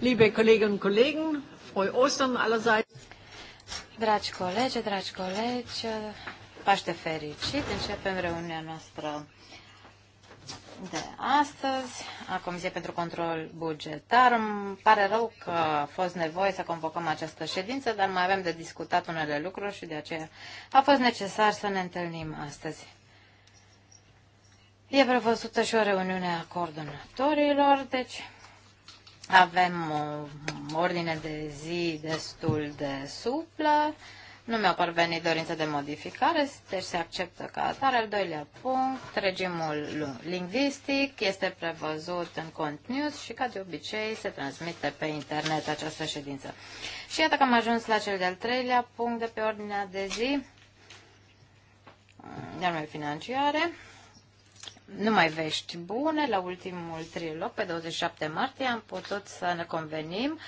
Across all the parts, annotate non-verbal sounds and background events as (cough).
Liebe Kolleginnen und Kollegen, frohe Ostern allerseits. Dragi colegi, dragi colegi, Paște fericit! Începem reuniunea noastră de astăzi a Comisiei pentru Control Bugetar. Îmi pare rău că a fost nevoie să convocăm această ședință, dar mai avem de discutat unele lucruri și de aceea a fost necesar să ne întâlnim astăzi. E prevăzută și o reuniune a coordonatorilor, deci avem o ordine de zi destul de suplă. Nu mi-au parvenit dorințe de modificare, deci se acceptă ca atare. Al doilea punct, regimul lingvistic este prevăzut în cont news și ca de obicei se transmite pe internet această ședință. Și iată că am ajuns la cel de-al treilea punct de pe ordinea de zi, mm, norme financiare numai vești bune. La ultimul trilog, pe 27 martie, am putut să ne convenim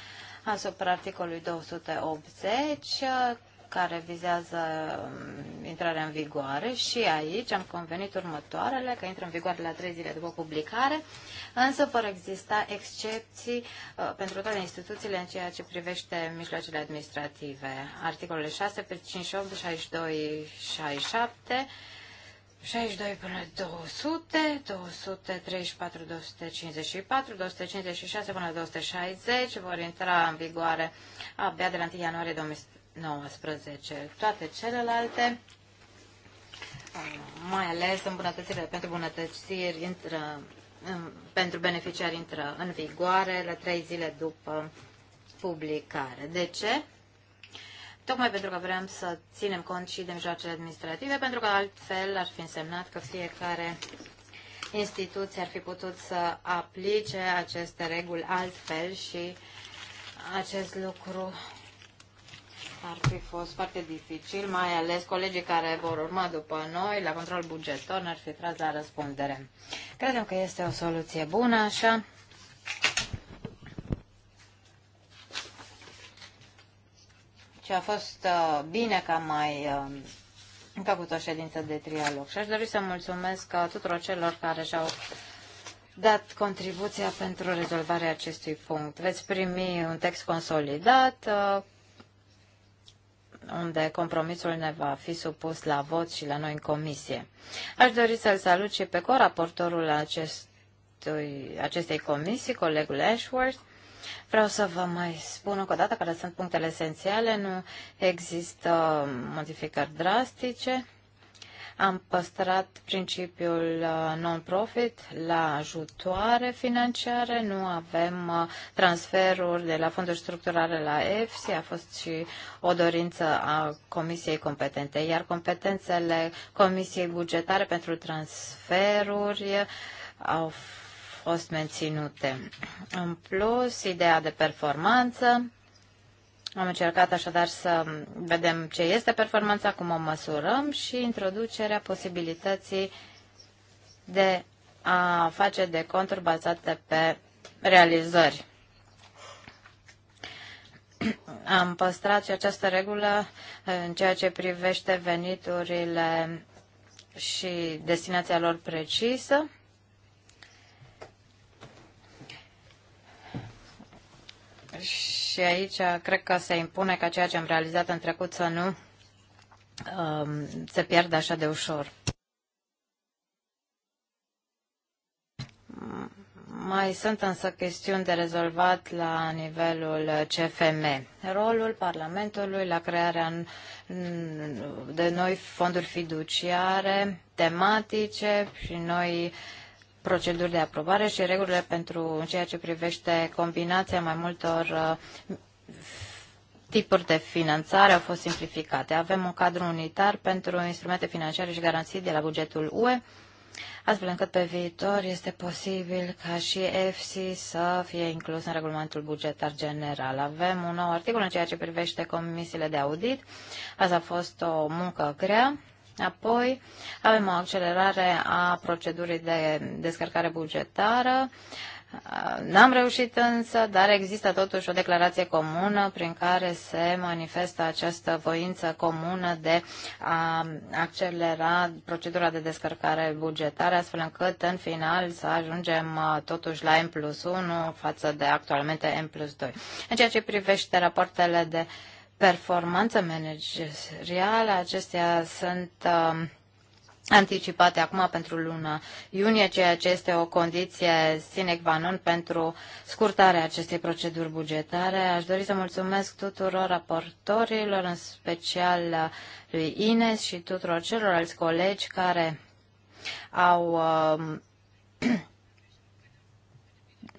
asupra articolului 280, care vizează mm, intrarea în vigoare și aici am convenit următoarele, că intră în vigoare la trei zile după publicare, însă vor exista excepții uh, pentru toate instituțiile în ceea ce privește mijloacele administrative. Articolele 6, 58, 62, 67 62 până 200, 234, 254, 256 până 260 vor intra în vigoare abia de la 1 ianuarie 2019. Toate celelalte, uh, mai ales îmbunătățirile pentru bunătățiri, intră, pentru beneficiari intră în vigoare la 3 zile după publicare. De ce? tocmai pentru că vrem să ținem cont și de mijloacele administrative, pentru că altfel ar fi însemnat că fiecare instituție ar fi putut să aplice aceste reguli altfel și acest lucru ar fi fost foarte dificil, mai ales colegii care vor urma după noi la control bugetor n-ar fi tras la răspundere. Credem că este o soluție bună, așa și a fost uh, bine că am mai făcut uh, o ședință de trialog. Și aș dori să mulțumesc uh, tuturor celor care și-au dat contribuția pentru rezolvarea acestui punct. Veți primi un text consolidat unde compromisul ne va fi supus la vot și la noi în comisie. Aș dori să-l salut și pe coraportorul acestui, acestei comisii, colegul Ashworth, Vreau să vă mai spun încă o dată care sunt punctele esențiale. Nu există modificări drastice. Am păstrat principiul uh, non-profit la ajutoare financiare, nu avem uh, transferuri de la fonduri structurale la EFSI, a fost și o dorință a Comisiei competente, iar competențele Comisiei bugetare pentru transferuri au fost menținute. În plus, ideea de performanță. Am încercat așadar să vedem ce este performanța, cum o măsurăm și introducerea posibilității de a face de conturi bazate pe realizări. Am păstrat și această regulă în ceea ce privește veniturile și destinația lor precisă. Și aici cred că se impune ca ceea ce am realizat în trecut să nu um, se pierdă așa de ușor. Mai sunt însă chestiuni de rezolvat la nivelul CFM. Rolul Parlamentului la crearea de noi fonduri fiduciare tematice și noi uh, proceduri de aprobare și regulile pentru ceea ce privește combinația mai multor uh, tipuri de finanțare au fost simplificate. Avem un cadru unitar pentru instrumente financiare și garanții de la bugetul UE, astfel încât pe viitor este posibil ca și EFSI să fie inclus în regulamentul bugetar general. Avem un nou articol în ceea ce privește comisiile de audit. Asta a fost o muncă grea Apoi avem o accelerare a procedurii de descărcare bugetară. Uh, n-am reușit însă, dar există totuși o declarație comună prin care se manifestă această voință comună de a accelera procedura de descărcare bugetară, astfel încât în final să ajungem uh, totuși la M plus 1 față de actualmente M plus 2. În ceea ce privește rapoartele de uh, performanță managerială. Acestea sunt uh, anticipate acum pentru luna iunie, ceea ce este o condiție sine qua non pentru scurtarea acestei proceduri bugetare. Aș dori să mulțumesc tuturor raportorilor, în special lui Ines și tuturor celorlalți colegi care au uh, (clears throat)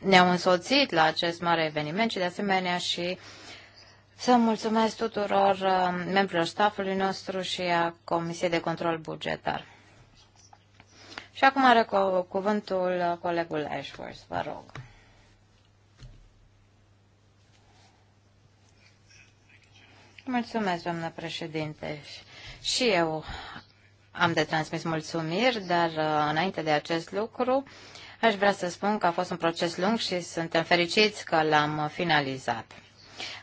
ne-au însoțit la acest mare eveniment și de asemenea și să mulțumesc tuturor uh, membrilor staffului nostru și a Comisiei de Control Bugetar. Și acum are cu cuvântul colegul Ashworth, vă rog. Mulțumesc, doamnă președinte. Și eu am de transmis mulțumiri, dar uh, înainte de acest lucru aș vrea să spun că a fost un proces lung și suntem fericiți că l-am finalizat.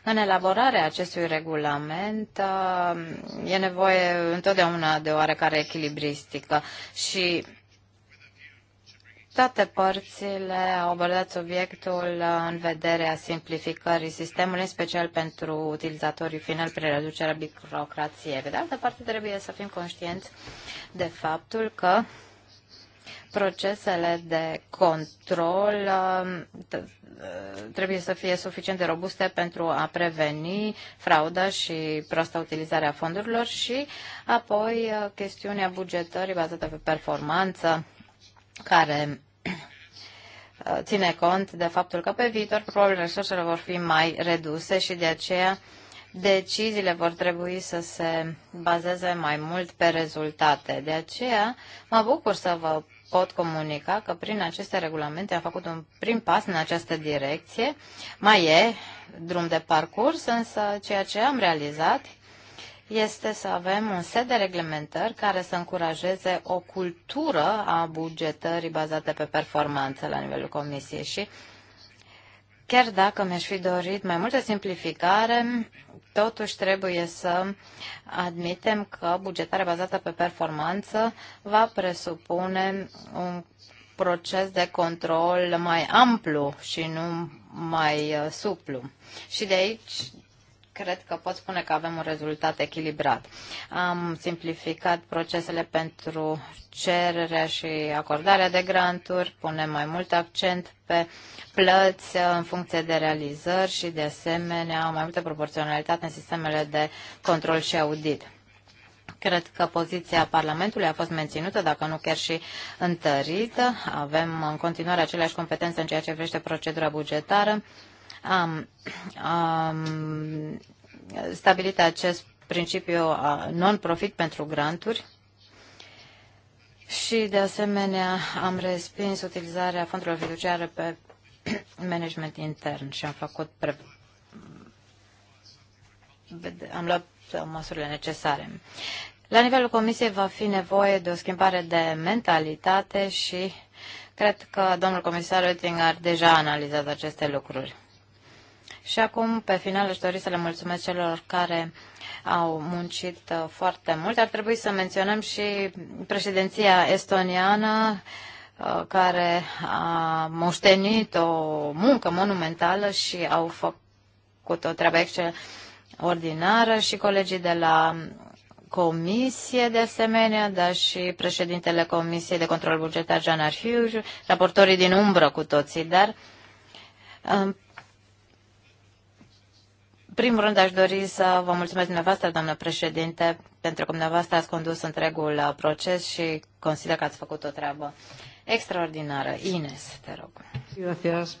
În elaborarea acestui regulament uh, e nevoie întotdeauna de oarecare echilibristică și toate părțile au abordat subiectul în vederea simplificării sistemului, în special pentru utilizatorii finali prin reducerea birocrației. de altă parte, trebuie să fim conștienți de faptul că procesele de control um, uh, trebuie să fie suficient de robuste pentru a preveni frauda și proasta utilizarea fondurilor și apoi uh, chestiunea bugetării bazată pe performanță care uh, ține cont de faptul că pe viitor probabil resursele vor fi mai reduse și de aceea deciziile vor trebui să se bazeze mai mult pe rezultate. De aceea mă bucur să vă pot comunica că prin aceste regulamente am făcut un prim pas în această direcție. Mai e drum de parcurs, însă ceea ce am realizat este să avem un set de reglementări care să încurajeze o cultură a bugetării bazate pe performanță la nivelul Comisiei și chiar dacă mi-aș fi dorit mai multă simplificare, Totuși trebuie să admitem că bugetarea bazată pe performanță va presupune un proces de control mai amplu și nu mai uh, suplu. Și de aici cred că pot spune că avem un rezultat echilibrat. Am simplificat procesele pentru cererea și acordarea de granturi, punem mai mult accent pe plăți în funcție de realizări și, de asemenea, mai multă proporționalitate în sistemele de control și audit. Cred că poziția Parlamentului a fost menținută, dacă nu chiar și întărită. Avem în continuare aceleași competențe în ceea ce privește procedura bugetară am, am stabilit acest principiu non-profit pentru granturi și, de asemenea, am respins utilizarea fondurilor fiduciare pe (clears throat) management intern și am făcut pre... am luat măsurile necesare. La nivelul comisiei va fi nevoie de o schimbare de mentalitate și cred că domnul comisar Oettinger deja a analizat aceste lucruri. Și acum, pe final, își dori să le mulțumesc celor care au muncit uh, foarte mult. Ar trebui să menționăm și președinția estoniană, uh, care a moștenit o muncă monumentală și au făcut o treabă extraordinară și colegii de la comisie de asemenea, dar și președintele Comisiei de Control Bugetar, Jean Arhiu, raportorii din umbră cu toții, dar uh, primul rând aș dori să vă mulțumesc dumneavoastră, doamnă președinte, pentru că dumneavoastră ați condus întregul uh, proces și consider că ați făcut o treabă extraordinară. Ines, te rog. Gracias.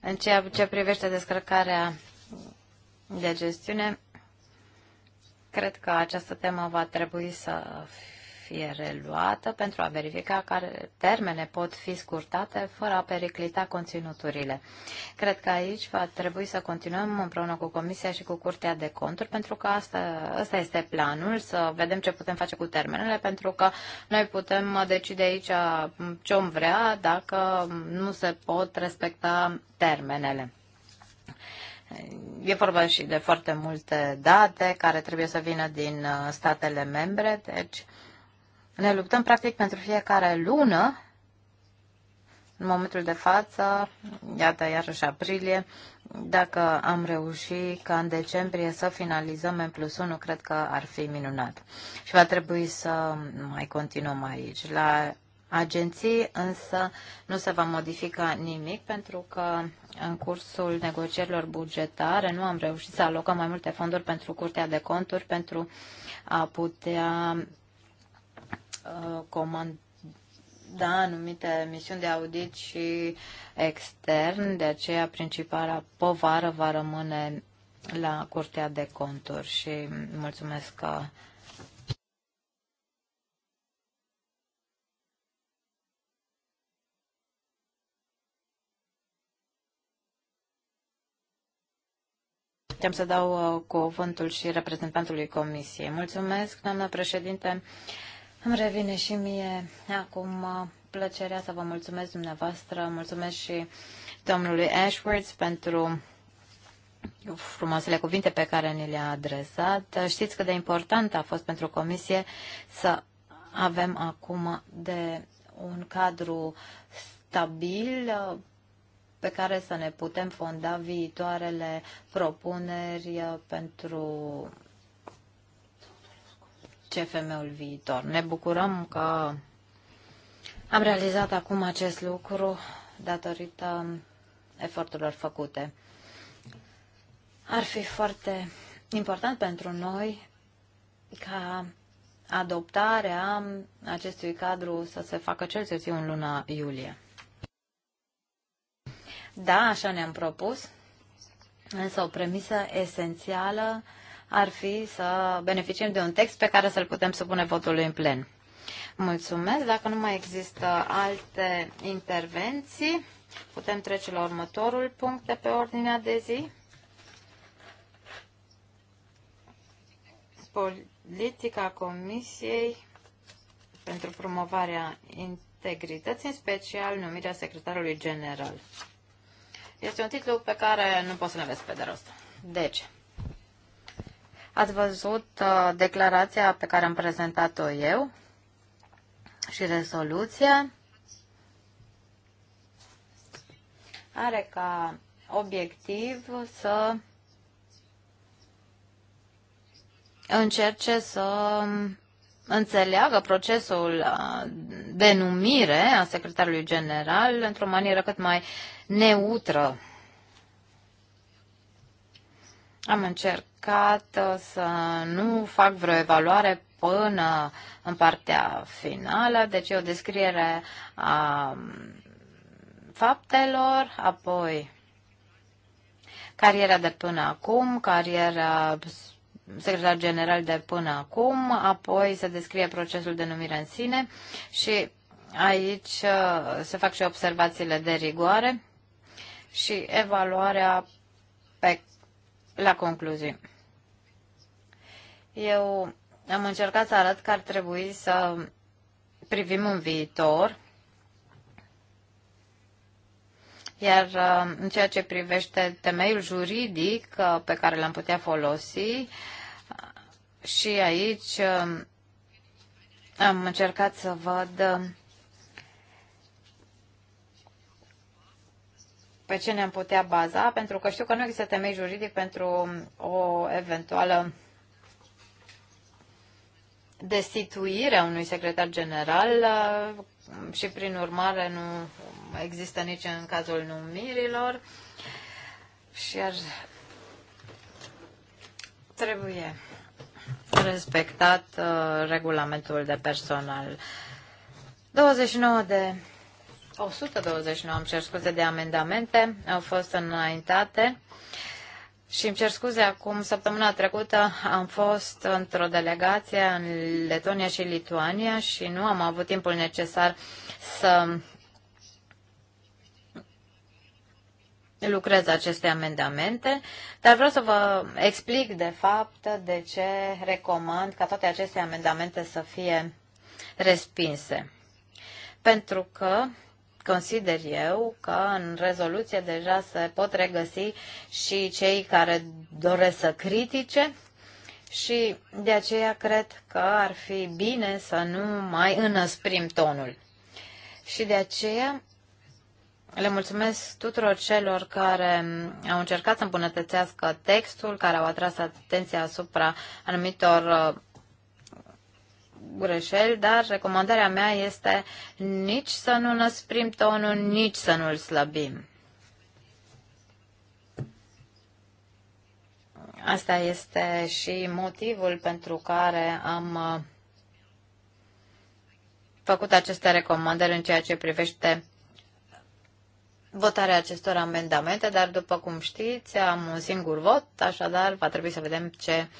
În ceea ce privește descărcarea de gestiune, cred că această temă va trebui să fie reluată pentru a verifica care termene pot fi scurtate fără a periclita conținuturile. Cred că aici va trebui să continuăm împreună cu Comisia și cu Curtea de Conturi, pentru că asta, asta este planul, să vedem ce putem face cu termenele, pentru că noi putem decide aici ce om vrea dacă nu se pot respecta termenele. E vorba și de foarte multe date care trebuie să vină din uh, statele membre, deci ne luptăm practic pentru fiecare lună. În momentul de față, iată, iarăși aprilie, dacă am reușit ca în decembrie să finalizăm M plus 1, cred că ar fi minunat. Și va trebui să mai continuăm aici. La agenții, însă nu se va modifica nimic pentru că în cursul negocierilor bugetare nu am reușit să alocăm mai multe fonduri pentru Curtea de Conturi pentru a putea Uh, comanda anumite misiuni de audit și extern, de aceea principala povară va rămâne la Curtea de Conturi și mulțumesc că Am să dau uh, cuvântul și reprezentantului Comisiei. Mulțumesc, doamnă președinte. Îmi revine și mie acum uh, plăcerea să vă mulțumesc dumneavoastră, mulțumesc și domnului Ashworth pentru frumoasele cuvinte pe care ni le-a adresat. Știți cât de important a fost pentru Comisie să avem acum de un cadru stabil uh, pe care să ne putem fonda viitoarele propuneri uh, pentru CFM-ul viitor. Ne bucurăm că am realizat acum acest lucru datorită eforturilor făcute. Ar fi foarte important pentru noi ca adoptarea acestui cadru să se facă cel târziu în luna iulie. Da, așa ne-am propus, însă o premisă esențială ar fi să beneficiem de un text pe care să-l putem supune votului în plen. Mulțumesc. Dacă nu mai există alte intervenții, putem trece la următorul punct de pe ordinea de zi. Politica Comisiei pentru promovarea integrității, în special numirea secretarului general. Este un titlu pe care nu pot să ne vezi pe de rost. Deci, Ați văzut uh, declarația pe care am prezentat-o eu și rezoluția are ca obiectiv să încerce să înțeleagă procesul uh, de numire a secretarului general într-o manieră cât mai neutră am încercat uh, să nu fac vreo evaluare până în partea finală, deci o descriere a mm, faptelor, apoi cariera de până acum, cariera secretar general de până acum, apoi se descrie procesul de numire în sine și aici uh, se fac și observațiile de rigoare și evaluarea pe la concluzii. Eu am încercat să arăt că ar trebui să privim în viitor, iar uh, în ceea ce privește temeiul juridic uh, pe care l-am putea folosi, uh, și aici am încercat să văd pe ce ne-am putea baza, pentru că știu că nu există temei juridic pentru o eventuală destituire a unui secretar general uh, și, prin urmare, nu există nici în cazul numirilor și ar trebuie respectat uh, regulamentul de personal. 29 de 129, îmi cer scuze, de amendamente au fost înaintate. Și îmi cer scuze, acum săptămâna trecută am fost într-o delegație în Letonia și Lituania și nu am avut timpul necesar să lucrez aceste amendamente, dar vreau să vă explic de fapt de ce recomand ca toate aceste amendamente să fie respinse. Pentru că consider eu că în rezoluție deja se pot regăsi și cei care doresc să critique și de aceea cred că ar fi bine să nu mai înăsprim tonul. Și de aceea le mulțumesc tuturor celor care au încercat să îmbunătățească textul, care au atras atenția asupra anumitor uh, greșeli, dar recomandarea mea este nici să nu năsprim tonul, nici să nu-l slăbim. Asta este și motivul pentru care am uh, făcut aceste recomandări în ceea ce privește votarea acestor amendamente, dar după cum știți, am un singur vot, așadar va trebui să vedem ce uh,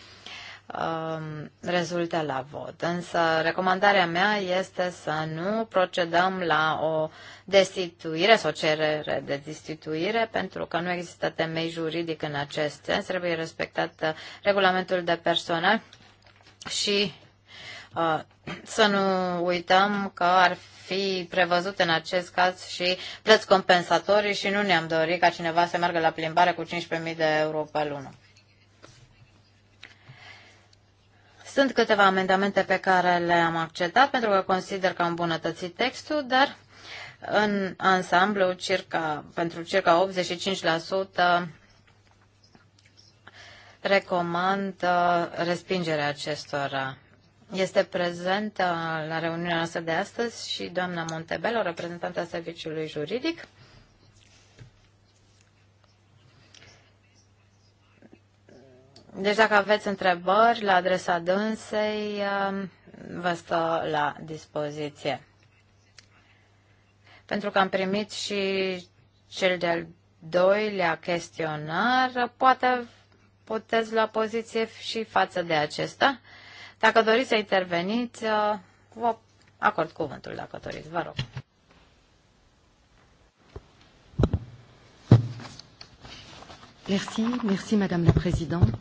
Um, rezulte la vot. Însă recomandarea mea este să nu procedăm la o destituire sau cerere de destituire pentru că nu există temei juridic în acest sens. Trebuie respectat uh, regulamentul de personal și uh, să nu uităm că ar fi prevăzut în acest caz și plăți compensatorii și nu ne-am dorit ca cineva să meargă la plimbare cu 15.000 de euro pe lună. Sunt câteva amendamente pe care le-am acceptat pentru că consider că am îmbunătățit textul, dar în ansamblu, circa, pentru circa 85% recomand uh, respingerea acestora. Este prezentă la reuniunea noastră de astăzi și doamna Montebello, reprezentanta Serviciului Juridic. Deci dacă aveți întrebări la adresa dânsei, um, vă stă la dispoziție. Pentru că am primit și cel de-al doilea chestionar, poate puteți la poziție și față de acesta. Dacă doriți să interveniți, uh, vă acord cuvântul dacă doriți. Vă rog. Merci, merci Madame la Présidente.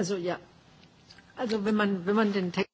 Also ja, also wenn man, wenn man den Text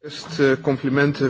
Este uh, complimente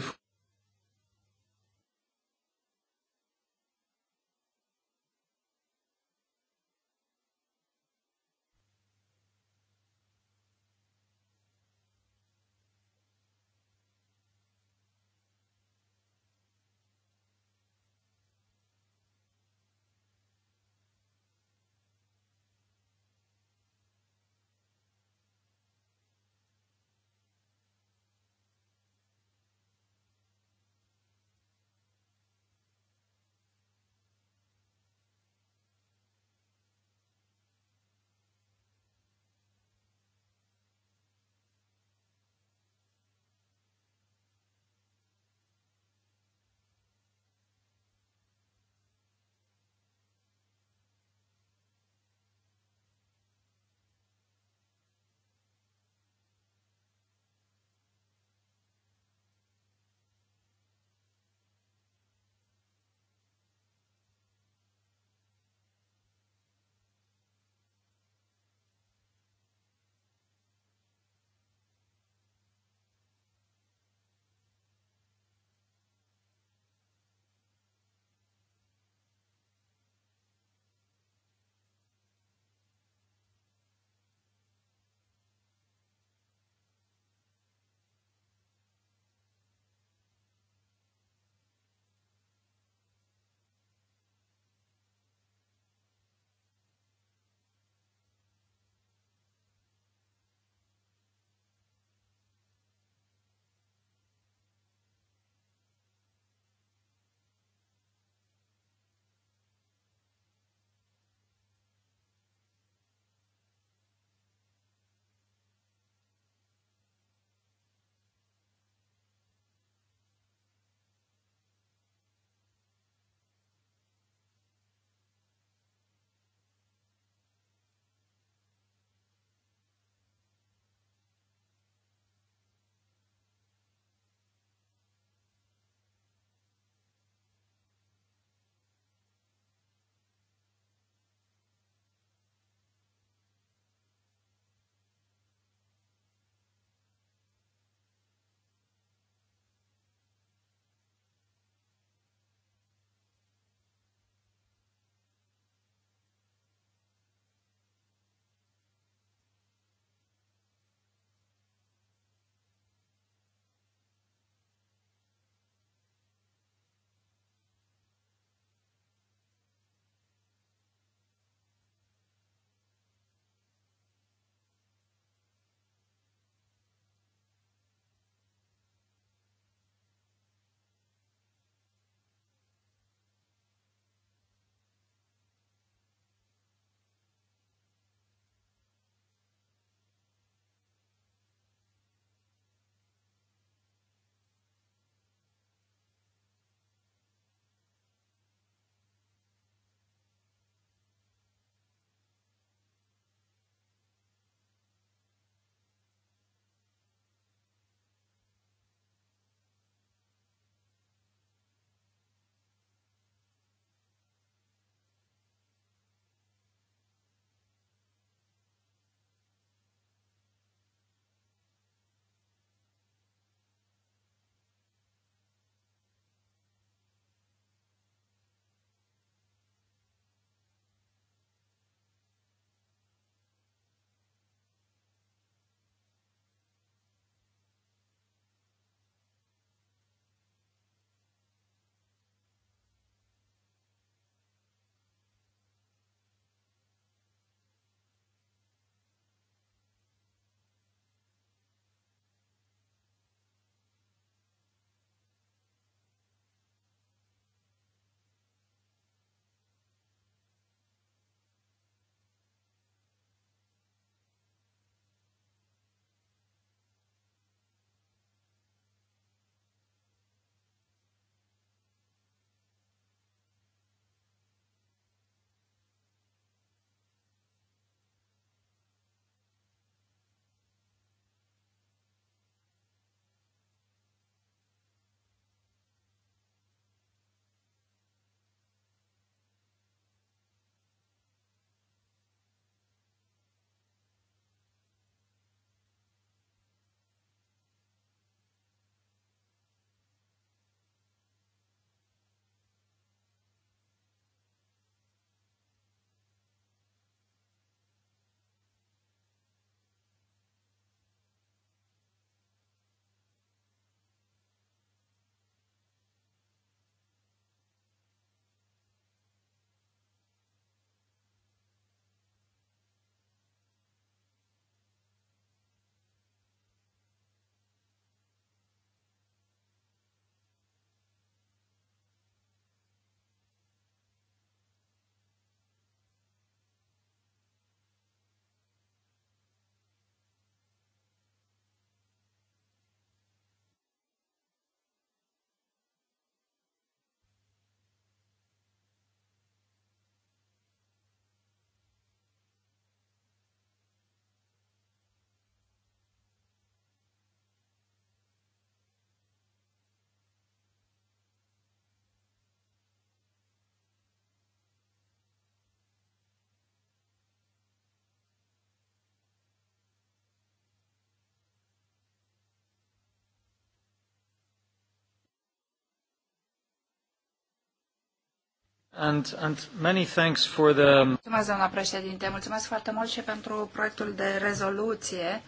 And, and many thanks for the... Um, mulțumesc, doamna președinte. Mulțumesc foarte mult și pentru proiectul de rezoluție.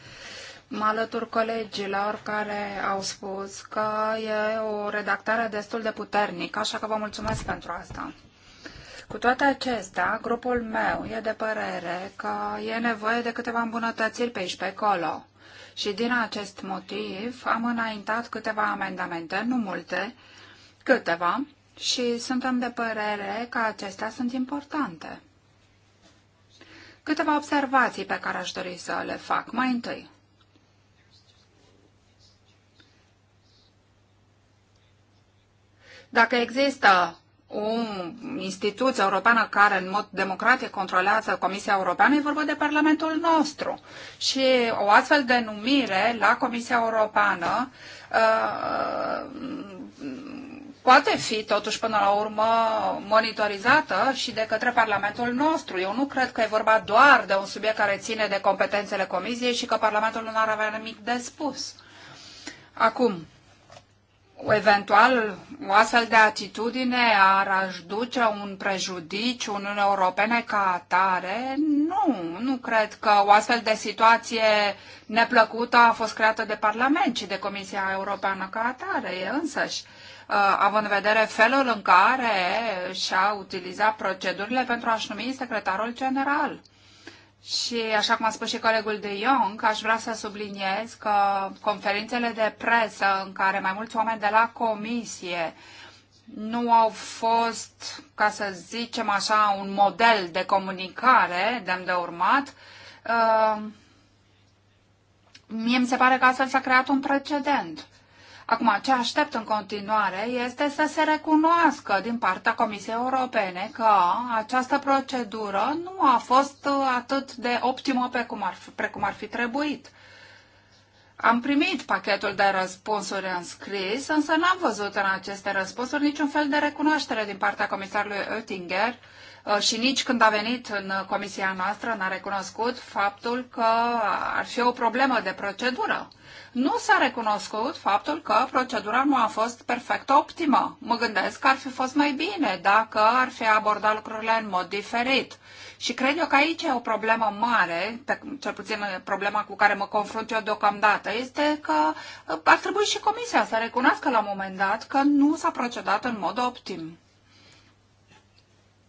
Mă alătur colegilor care au spus că e o redactare destul de puternică, așa că vă mulțumesc pentru asta. Cu toate acestea, grupul meu e de părere că e nevoie de câteva îmbunătățiri pe aici, pe acolo. Și din acest motiv am înaintat câteva amendamente, nu multe, câteva, și suntem de părere că acestea sunt importante. Câteva observații pe care aș dori să le fac. Mai întâi, dacă există o instituție europeană care în mod democratic controlează Comisia Europeană, e vorba de Parlamentul nostru. Și o astfel de numire la Comisia Europeană uh, poate fi totuși până la urmă monitorizată și de către Parlamentul nostru. Eu nu cred că e vorba doar de un subiect care ține de competențele Comisiei și că Parlamentul nu ar avea nimic de spus. Acum, eventual, o astfel de atitudine ar aduce un prejudiciu Uniunii Europene ca atare? Nu, nu cred că o astfel de situație neplăcută a fost creată de Parlament, ci de Comisia Europeană ca atare, e însăși. Uh, având în vedere felul în care și-a utilizat procedurile pentru a-și numi secretarul general. Și așa cum a spus și colegul de Young, aș vrea să subliniez că conferințele de presă în care mai mulți oameni de la comisie nu au fost, ca să zicem așa, un model de comunicare demn de urmat, uh, mie mi se pare că astfel s-a creat un precedent. Acum, ce aștept în continuare este să se recunoască din partea Comisiei Europene că această procedură nu a fost uh, atât de optimă pe cum ar fi, precum ar fi trebuit. Am primit pachetul de răspunsuri în scris, însă n-am văzut în aceste răspunsuri niciun fel de recunoaștere din partea comisarului Oettinger uh, și nici când a venit în comisia noastră n-a recunoscut faptul că ar fi o problemă de procedură nu s-a recunoscut faptul că procedura nu a fost perfect optimă. Mă gândesc că ar fi fost mai bine dacă ar fi abordat lucrurile în mod diferit. Și cred eu că aici e o problemă mare, pe, cel puțin problema cu care mă confrunt eu deocamdată, este că uh, ar trebui și Comisia să recunoască la un moment dat că nu s-a procedat în mod optim.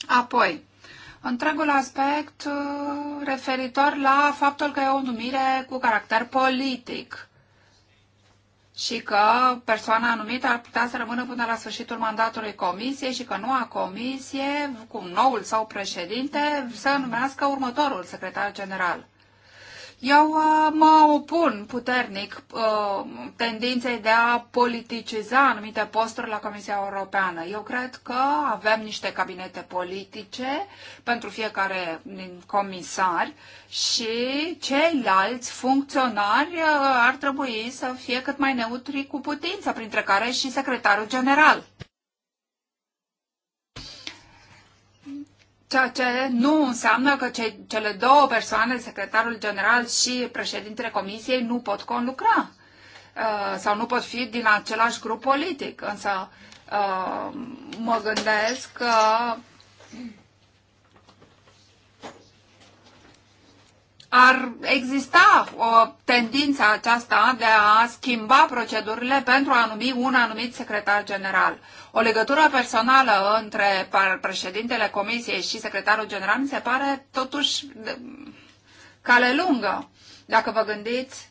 Apoi, întregul aspect uh, referitor la faptul că e o numire cu caracter politic și că persoana anumită ar putea să rămână până la sfârșitul mandatului comisiei și că noua comisie, cu noul sau președinte, să numească următorul secretar general. Eu uh, mă opun puternic uh, tendinței de a politiciza anumite posturi la Comisia Europeană. Eu cred că avem niște cabinete politice pentru fiecare din comisari și ceilalți funcționari uh, ar trebui să fie cât mai neutri cu putință, printre care și secretarul general. Ceea ce nu înseamnă că ce, cele două persoane, secretarul general și președintele comisiei, nu pot conlucra uh, sau nu pot fi din același grup politic. Însă uh, mă gândesc că ar exista o tendință aceasta de a schimba procedurile pentru a numi un anumit secretar general. O legătură personală între președintele comisiei și secretarul general mi se pare totuși cale lungă. Dacă vă gândiți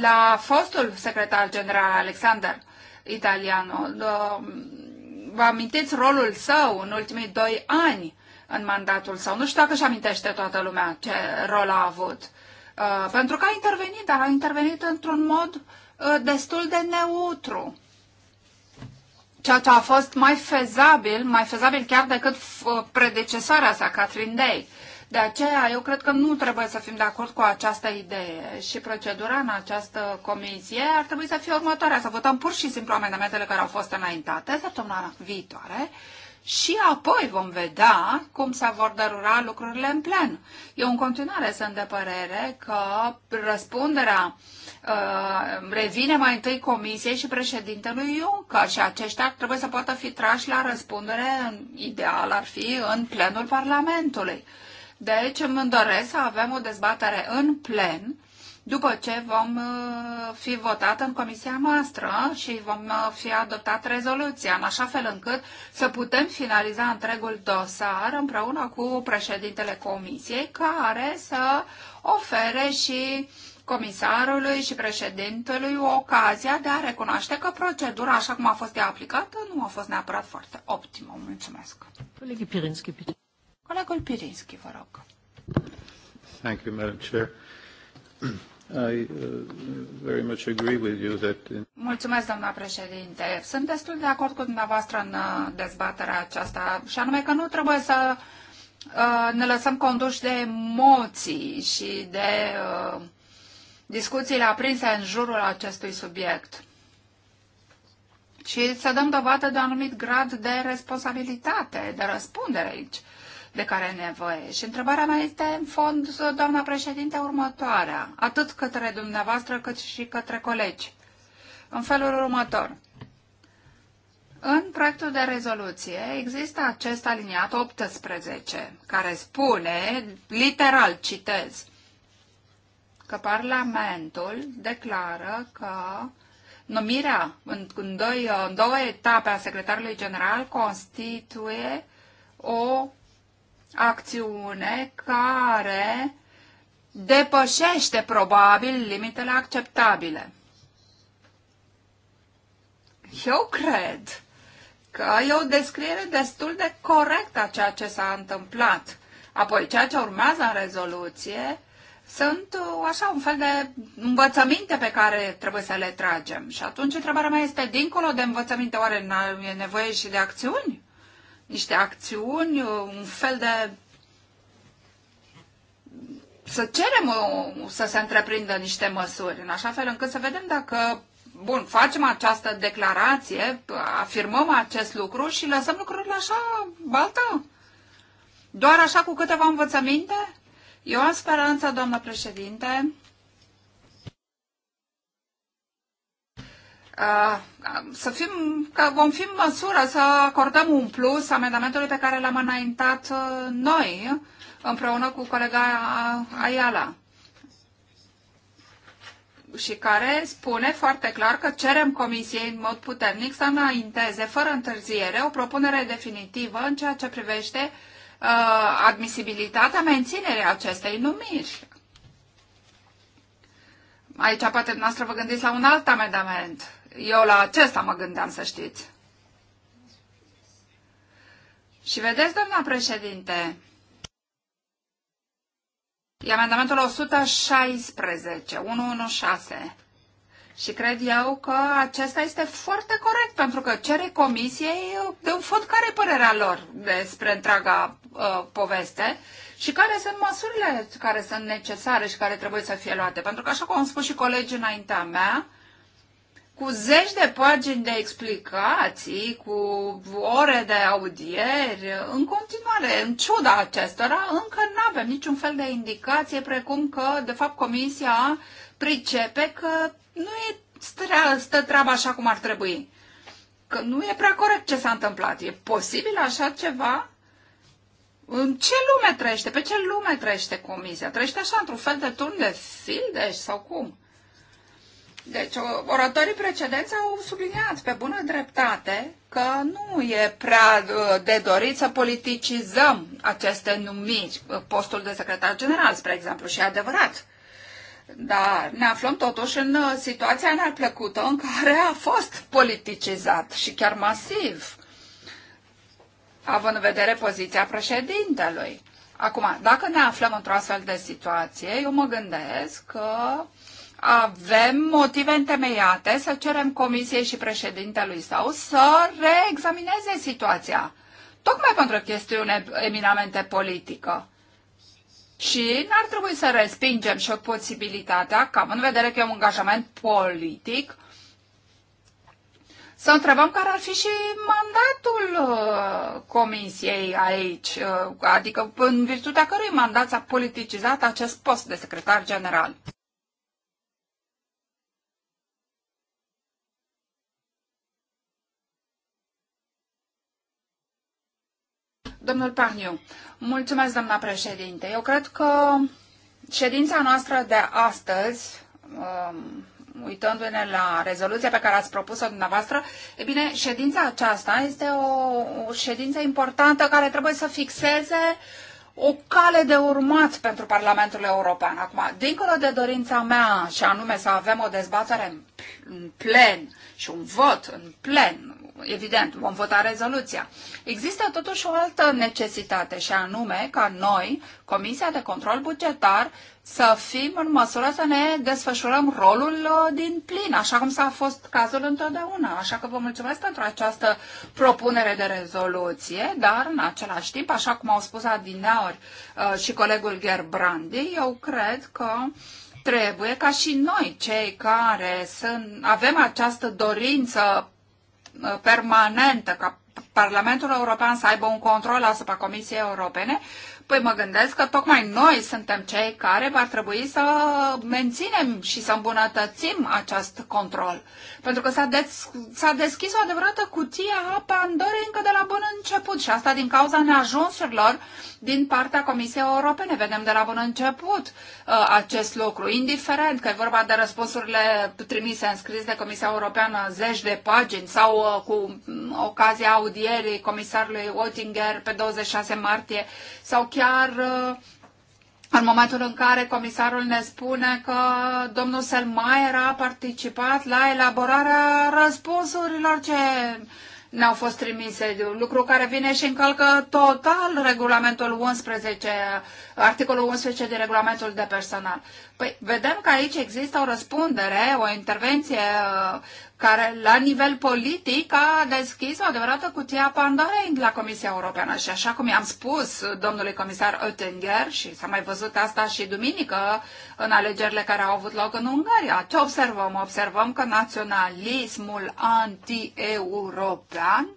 la fostul secretar general Alexander Italiano, vă amintiți rolul său în ultimii doi ani în mandatul său, Nu știu dacă își amintește toată lumea ce rol a avut. Uh, pentru că a intervenit, dar a intervenit într-un mod uh, destul de neutru. Ceea ce a fost mai fezabil, mai fezabil chiar decât uh, predecesoarea sa, Catherine Day. De aceea, eu cred că nu trebuie să fim de acord cu această idee și procedura în această comisie ar trebui să fie următoarea, să votăm pur și simplu amendamentele care au fost înaintate săptămâna viitoare și apoi vom vedea cum se vor derula lucrurile în plen. Eu în continuare sunt de părere că răspunderea uh, revine mai întâi comisiei și președintelui Juncker și aceștia trebuie să poată fi trași la răspundere, ideal ar fi, în plenul Parlamentului. Deci îmi doresc să avem o dezbatere în plen după ce vom uh, fi votat în comisia noastră și vom uh, fi adoptat rezoluția, în așa fel încât să putem finaliza întregul dosar împreună cu președintele comisiei, care să ofere și comisarului și președintelui ocazia de a recunoaște că procedura, așa cum a fost de aplicată, nu a fost neapărat foarte optimă. Mulțumesc. Colegul Pirinski, Colegul Pirinski, vă rog. Thank you, Madam Chair. I uh, very much agree with you that... Mulțumesc, doamna președinte. Sunt destul de acord cu dumneavoastră în uh, dezbaterea aceasta, și anume că nu trebuie să uh, ne lăsăm conduși de emoții și de discuțiile aprinse în jurul acestui subiect. Și să dăm dovadă de un anumit grad de responsabilitate, de răspundere aici de care e nevoie. Și întrebarea mea este, în fond, doamna președinte, următoarea, atât către dumneavoastră cât și către colegi. În felul următor. În proiectul de rezoluție există acest aliniat 18, care spune, literal citez, că Parlamentul declară că numirea în, în, doi, în două etape a secretarului general constituie o acțiune care depășește probabil limitele acceptabile. Eu cred că e o descriere destul de corectă a ceea ce s-a întâmplat. Apoi, ceea ce urmează în rezoluție sunt uh, așa un fel de învățăminte pe care trebuie să le tragem. Și atunci întrebarea mea este, dincolo de învățăminte, oare e nevoie și de acțiuni? niște acțiuni, un fel de să cerem să se întreprindă niște măsuri, în așa fel încât să vedem dacă, bun, facem această declarație, afirmăm acest lucru și lăsăm lucrurile așa, baltă. Doar așa cu câteva învățăminte? Eu am speranța, doamnă președinte, Ah, să fim, că vom fi în măsură să acordăm un plus amendamentului pe care l-am înaintat uh, noi împreună cu colega Ayala și care spune foarte clar că cerem Comisiei în mod puternic să înainteze fără întârziere o propunere definitivă în ceea ce privește uh, admisibilitatea menținerii acestei numiri. Aici poate dumneavoastră vă gândiți la un alt amendament eu la acesta mă gândeam, să știți. Și vedeți, doamna președinte, e amendamentul 116, 116. Și cred eu că acesta este foarte corect, pentru că cere comisiei de un fond care e părerea lor despre întreaga uh, poveste și care sunt măsurile care sunt necesare și care trebuie să fie luate. Pentru că, așa cum au spus și colegii înaintea mea, uh, cu zeci de pagini de explicații, cu ore de audieri. În continuare, în ciuda acestora, încă nu avem niciun fel de indicație, precum că, de fapt, Comisia pricepe că nu e stă, stă treaba așa cum ar trebui. Că nu e prea corect ce s-a întâmplat. E posibil așa ceva? În ce lume trăiește? Pe ce lume trăiește Comisia? Trăiește așa într-un fel de turn de fildeș sau cum? Deci, oratorii precedenți au subliniat pe bună dreptate că nu e prea ă, de dorit să politicizăm aceste numiri, postul de secretar general, spre exemplu, și adevărat. Dar ne aflăm totuși în ă, situația neplăcută în care a fost politicizat și chiar masiv, având în vedere poziția președintelui. Acum, dacă ne aflăm într-o astfel de situație, eu mă gândesc că avem motive întemeiate să cerem Comisiei și președintelui său să reexamineze situația, tocmai pentru o chestiune eminamente politică. Și n-ar trebui să respingem și o posibilitatea, cam în vedere că e un angajament politic, să întrebăm care ar fi și mandatul uh, comisiei aici, uh, adică în virtutea cărui mandat s-a politicizat acest post de secretar general. Domnul Parniu, mulțumesc, doamna președinte. Eu cred că ședința noastră de astăzi, um, uitându-ne la rezoluția pe care ați propus-o dumneavoastră, e bine, ședința aceasta este o, o ședință importantă care trebuie să fixeze o cale de urmat pentru Parlamentul European. Acum, dincolo de dorința mea, și anume să avem o dezbatere în plen și un vot în plen evident, vom vota rezoluția. Există totuși o altă necesitate și anume ca noi, Comisia de Control Bugetar, să fim în măsură să ne desfășurăm rolul uh, din plin, așa cum s-a fost cazul întotdeauna. Așa că vă mulțumesc pentru această propunere de rezoluție, dar în același timp, așa cum au spus adineori uh, și colegul Gerbrandi, eu cred că trebuie ca și noi, cei care sunt, avem această dorință permanentă, ca Parlamentul European să aibă un control asupra Comisiei Europene Păi mă gândesc că tocmai noi suntem cei care ar trebui să menținem și să îmbunătățim acest control. Pentru că s-a, des- deschis o adevărată cutie a Pandorei încă de la bun început și asta din cauza neajunsurilor din partea Comisiei Europene. Vedem de la bun început uh, acest lucru, indiferent că e vorba de răspunsurile trimise în scris de Comisia Europeană zeci de pagini sau uh, cu ocazia audierii comisarului Oettinger pe 26 martie sau chiar chiar uh, în momentul în care comisarul ne spune că domnul Selmayr a participat la elaborarea răspunsurilor ce ne-au fost trimise, lucru care vine și încălcă total regulamentul 11, articolul 11 din regulamentul de personal. Păi vedem că aici există o răspundere, o intervenție uh, care la nivel politic a deschis o adevărată cutie a Pandorei la Comisia Europeană. Și așa cum i-am spus domnului comisar Oettinger, și s-a mai văzut asta și duminică în alegerile care au avut loc în Ungaria, ce observăm? Observăm că naționalismul anti-european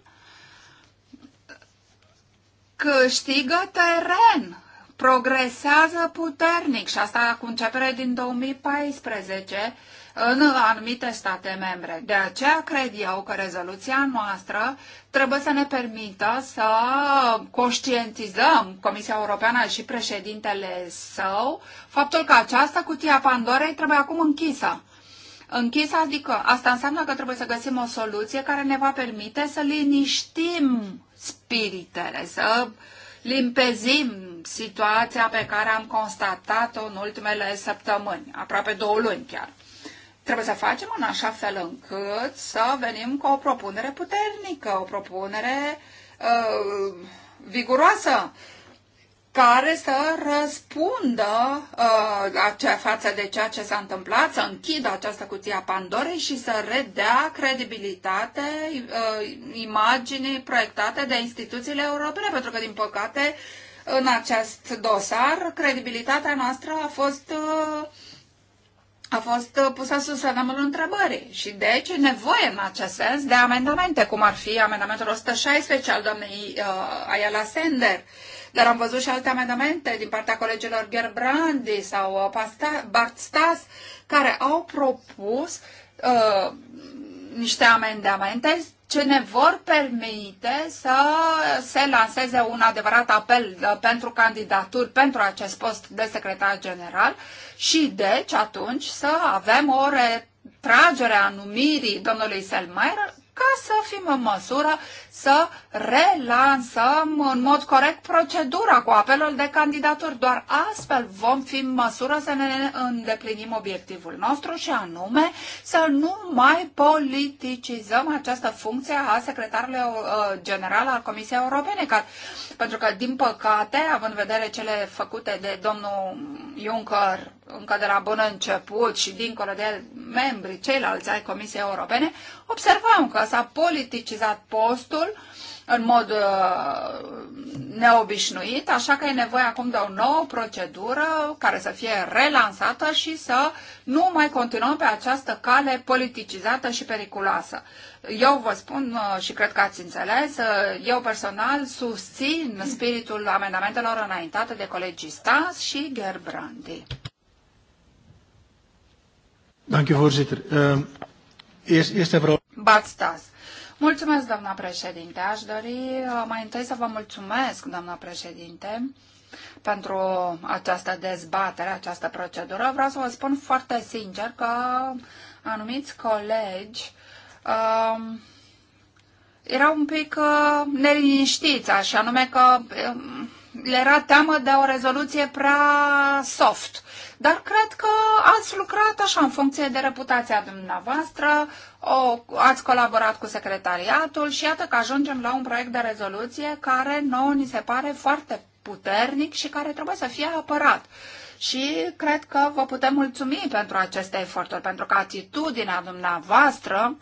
câștigă teren progresează puternic și asta cu începere din 2014 în anumite state membre. De aceea cred eu că rezoluția noastră trebuie să ne permită să conștientizăm Comisia Europeană și președintele său faptul că această cutie a Pandorei trebuie acum închisă. Închisă, adică asta înseamnă că trebuie să găsim o soluție care ne va permite să liniștim spiritele, să limpezim situația pe care am constatat-o în ultimele săptămâni, aproape două luni chiar. Trebuie să facem în așa fel încât să venim cu o propunere puternică, o propunere uh, viguroasă care să răspundă uh, acea față de ceea ce s-a întâmplat, să închidă această cuție a Pandorei și să redea credibilitate uh, imaginii proiectate de instituțiile europene, pentru că, din păcate, în acest dosar, credibilitatea noastră a fost uh, a fost uh, pusă sub semnul întrebării și deci e nevoie în acest sens de amendamente, cum ar fi amendamentul 116 al doamnei uh, Ayala Sender, dar am văzut și alte amendamente din partea colegilor Gerbrandi sau uh, Pasta, Bart Stas, care au propus uh, niște amendamente ce ne vor permite să se lanseze un adevărat apel uh, pentru candidaturi pentru acest post de secretar general și deci atunci să avem o retragere a numirii domnului Selmayr ca să fim în măsură să relansăm în mod corect procedura cu apelul de candidaturi. Doar astfel vom fi în măsură să ne îndeplinim obiectivul nostru și anume să nu mai politicizăm această funcție a secretarului uh, general al Comisiei Europene, că, pentru că, din păcate, având în vedere cele făcute de domnul Juncker încă de la bun început și dincolo de membrii ceilalți ai Comisiei Europene, observăm că s-a politicizat postul bugetul în mod uh, neobișnuit, așa că e nevoie acum de o nouă procedură care să fie relansată și să nu mai continuăm pe această cale politicizată și periculoasă. Eu vă spun uh, și cred că ați înțeles, uh, eu personal susțin spiritul amendamentelor înaintate de colegii Stas și Gerbrandi. Mulțumesc. Ehm, Stas. Mulțumesc, doamna președinte. Aș dori uh, mai întâi să vă mulțumesc, doamna președinte, pentru această dezbatere, această procedură. Vreau să vă spun foarte sincer că anumiți colegi um, erau un pic uh, neliniștiți, așa, anume că um, le era teamă de o rezoluție prea soft dar cred că ați lucrat așa în funcție de reputația dumneavoastră, o, ați colaborat cu secretariatul și iată că ajungem la un proiect de rezoluție care nouă ni se pare foarte puternic și care trebuie să fie apărat. Și cred că vă putem mulțumi pentru aceste eforturi, pentru că atitudinea dumneavoastră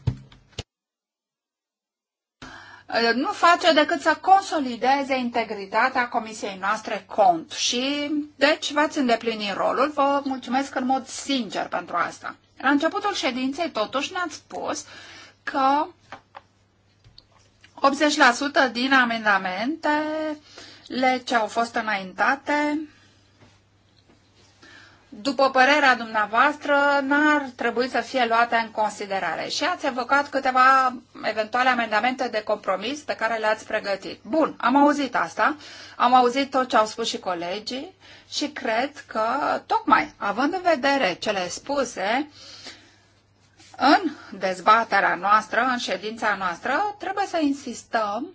Ă, nu face decât să consolideze integritatea comisiei noastre cont și deci v-ați îndeplini rolul. Vă mulțumesc în mod sincer pentru asta. La începutul ședinței totuși ne-ați spus că 80% din amendamentele ce au fost înaintate după părerea dumneavoastră, n-ar trebui să fie luate în considerare. Și ați evocat câteva eventuale amendamente de compromis pe care le-ați pregătit. Bun, am auzit asta, am auzit tot ce au spus și colegii și cred că, tocmai având în vedere cele spuse, în dezbaterea noastră, în ședința noastră, trebuie să insistăm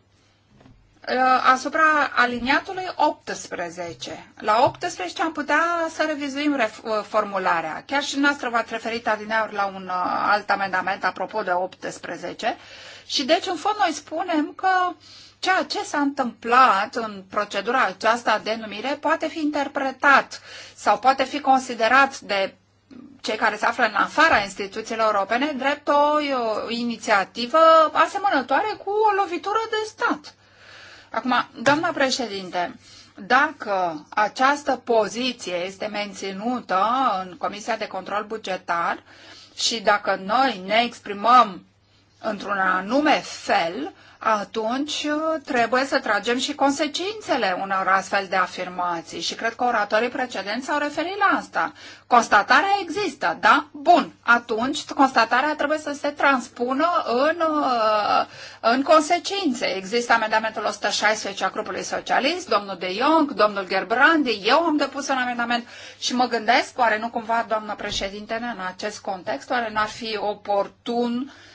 Uh, asupra aliniatului 18. La 18 am putea să revizuim uh, formularea. Chiar și noastră v-ați referit adineauri la un uh, alt amendament apropo de 18. Și deci, în fond, noi spunem că ceea ce s-a întâmplat în procedura aceasta de numire poate fi interpretat sau poate fi considerat de cei care se află în afara instituțiilor europene drept o, o inițiativă asemănătoare cu o lovitură de stat. Acum, doamna președinte, dacă această poziție este menținută în Comisia de Control Bugetar și dacă noi ne exprimăm într-un anume fel, atunci uh, trebuie să tragem și consecințele unor astfel de afirmații. Și cred că oratorii precedenți s-au referit la asta. Constatarea există, da? Bun. Atunci constatarea trebuie să se transpună în, uh, în consecințe. Există amendamentul 116 a grupului socialist, domnul De Jong, domnul Gerbrandi, eu am depus un amendament și mă gândesc, oare nu cumva, doamnă președinte, în acest context, oare n-ar fi oportun uh,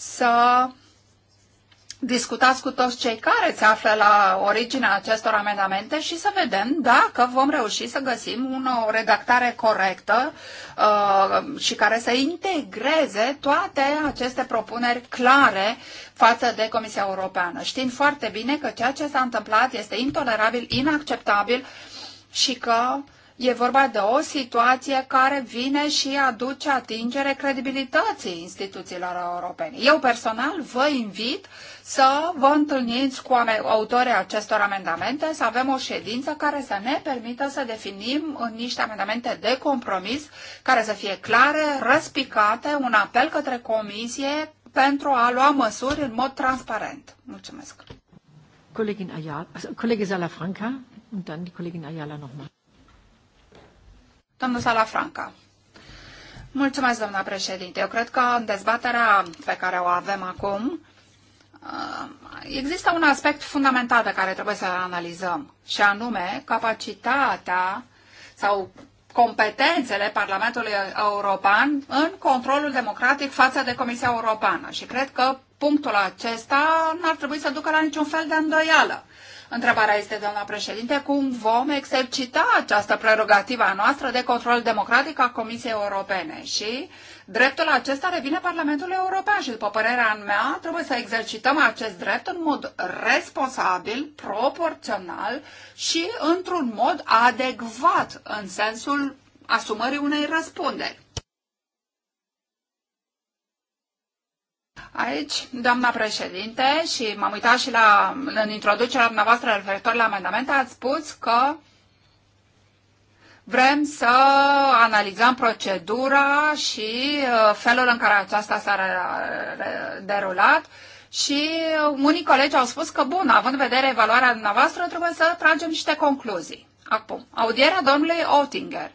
să discutați cu toți cei care se află la originea acestor amendamente și să vedem dacă vom reuși să găsim o redactare corectă uh, și care să integreze toate aceste propuneri clare față de Comisia Europeană, știind foarte bine că ceea ce s-a întâmplat este intolerabil, inacceptabil și că uh, E vorba de o situație care vine și aduce atingere credibilității instituțiilor europene. Eu personal vă invit să vă întâlniți cu autorii acestor amendamente, să avem o ședință care să ne permită să definim niște amendamente de compromis care să fie clare, răspicate, un apel către comisie pentru a lua măsuri în mod transparent. Mulțumesc. Colegin Ayala, colegii Zalafranca, und dann die Kollegin Ayala nochmal. Domnul Salafranca. Mulțumesc, doamna președinte. Eu cred că în dezbaterea pe care o avem acum, uh, există un aspect fundamental pe care trebuie să-l analizăm, și anume capacitatea sau competențele Parlamentului European în controlul democratic față de Comisia Europeană. Și cred că punctul acesta n-ar trebui să ducă la niciun fel de îndoială. Întrebarea este, doamna președinte, cum vom exercita această prerogativă a noastră de control democratic a Comisiei Europene și dreptul acesta revine Parlamentului European și, după părerea mea, trebuie să exercităm acest drept în mod responsabil, proporțional și într-un mod adecvat în sensul asumării unei răspunderi. Aici, doamna președinte, și m-am uitat și la, în introducerea dumneavoastră referitor la amendamente, ați spus că vrem să analizăm procedura și uh, felul în care aceasta s-a derulat și unii colegi au spus că, bun, având în vedere evaluarea dumneavoastră, trebuie să tragem niște concluzii. Acum, audierea domnului Oettinger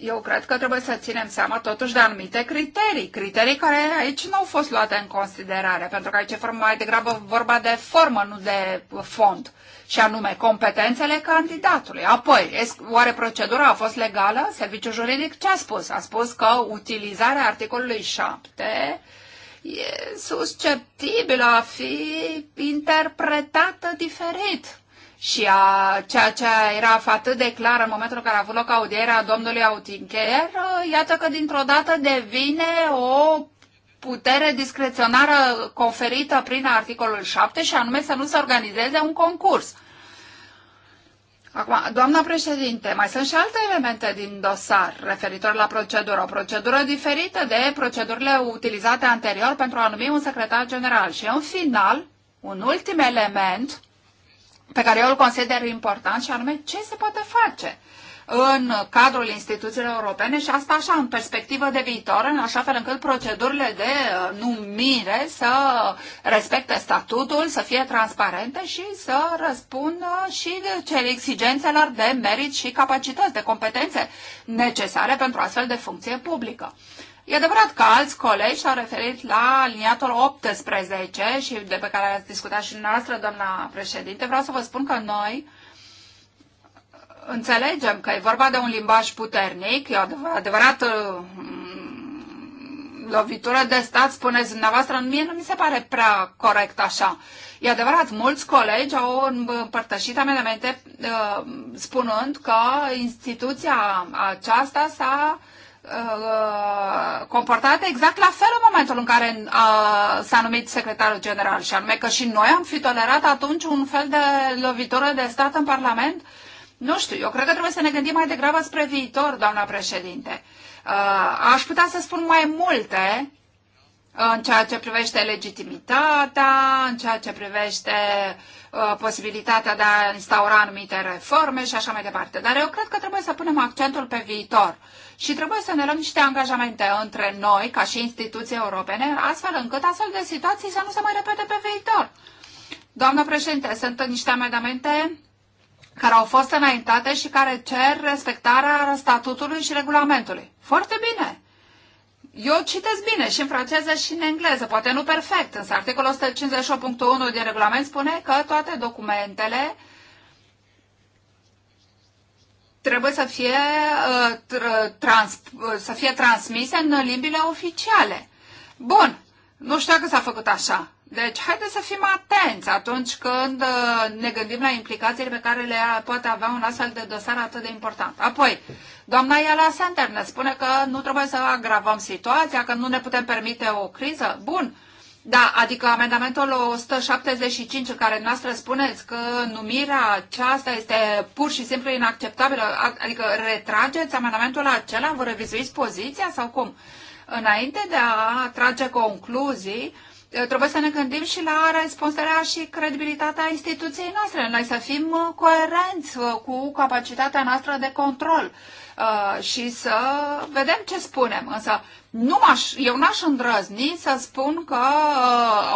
eu cred că trebuie să ținem seama totuși de anumite criterii, criterii care aici nu au fost luate în considerare, pentru că aici e mai degrabă vorba de formă, nu de fond, și anume competențele candidatului. Apoi, oare procedura a fost legală? Serviciul juridic ce a spus? A spus că utilizarea articolului 7 e susceptibilă a fi interpretată diferit și a ceea ce era atât de clar în momentul în care a avut loc audierea domnului Autincher, iată că dintr-o dată devine o putere discreționară conferită prin articolul 7 și anume să nu se organizeze un concurs. Acum, doamna președinte, mai sunt și alte elemente din dosar referitor la procedură. O procedură diferită de procedurile utilizate anterior pentru a numi un secretar general. Și în final, un ultim element pe care eu îl consider important și anume ce se poate face în cadrul instituțiilor europene și asta așa în perspectivă de viitor, în așa fel încât procedurile de uh, numire să respecte statutul, să fie transparente și să răspundă și de exigențelor de merit și capacități, de competențe necesare pentru astfel de funcție publică. E adevărat că alți colegi s-au referit la liniatul 18 și de pe care ați discutat și dumneavoastră, doamna președinte. Vreau să vă spun că noi înțelegem că e vorba de un limbaj puternic, e o adevărată uh, mm, lovitură de stat, spuneți dumneavoastră, mie nu mi se pare prea corect așa. E adevărat, mulți colegi au împărtășit amendamente uh, spunând că instituția aceasta s-a Uh, comportate exact la fel în momentul în care uh, s-a numit secretarul general și anume că și noi am fi tolerat atunci un fel de lovitură de stat în Parlament? Nu știu, eu cred că trebuie să ne gândim mai degrabă spre viitor, doamna președinte. Uh, aș putea să spun mai multe, în ceea ce privește legitimitatea, în ceea ce privește uh, posibilitatea de a instaura anumite reforme și așa mai departe. Dar eu cred că trebuie să punem accentul pe viitor și trebuie să ne luăm niște angajamente între noi, ca și instituții europene, astfel încât astfel de situații să nu se mai repete pe viitor. Doamnă președinte, sunt niște amendamente care au fost înaintate și care cer respectarea statutului și regulamentului. Foarte bine! Eu citesc bine și în franceză și în engleză, poate nu perfect, însă articolul 158.1 din regulament spune că toate documentele trebuie să fie, uh, uh, trans, uh, să fie transmise în limbile oficiale. Bun, nu știu dacă s-a făcut așa. Deci, haideți să fim atenți atunci când uh, ne gândim la implicațiile pe care le poate avea un astfel de dosar atât de important. Apoi, doamna Iala Center ne spune că nu trebuie să agravăm situația, că nu ne putem permite o criză. Bun, da, adică amendamentul 175 în care noastră spuneți că numirea aceasta este pur și simplu inacceptabilă, adică retrageți amendamentul acela, vă revizuiți poziția sau cum? Înainte de a trage concluzii, Eh, trebuie să ne gândim și la responsarea și credibilitatea instituției noastre. Noi să fim eh, coerenți eh, cu capacitatea noastră de control și să vedem ce spunem. Însă nu aș eu n-aș îndrăzni să spun că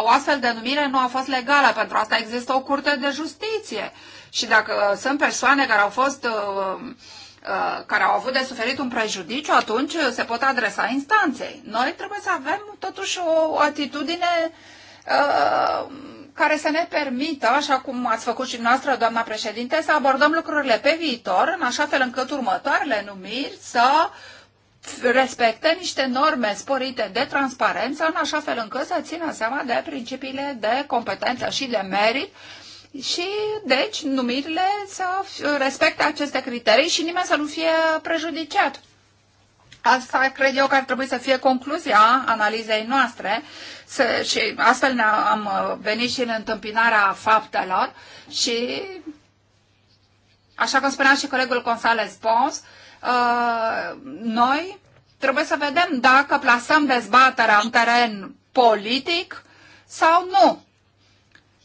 o astfel de numire nu a fost legală. Pentru asta există o curte de justiție. Și dacă sunt persoane care au fost uh, Uh, care au avut de suferit un prejudiciu, atunci se pot adresa instanței. Noi trebuie să avem totuși o atitudine uh, care să ne permită, așa cum ați făcut și noastră, doamna președinte, să abordăm lucrurile pe viitor, în așa fel încât următoarele numiri să respecte niște norme sporite de transparență, în așa fel încât să țină seama de principiile de competență și de merit și, deci, numirile să respecte aceste criterii și nimeni să nu fie prejudiciat. Asta cred eu că ar trebui să fie concluzia analizei noastre să, și astfel am venit și în întâmpinarea faptelor și, așa cum spunea și colegul Consales Pons, uh, noi trebuie să vedem dacă plasăm dezbaterea în teren politic sau nu.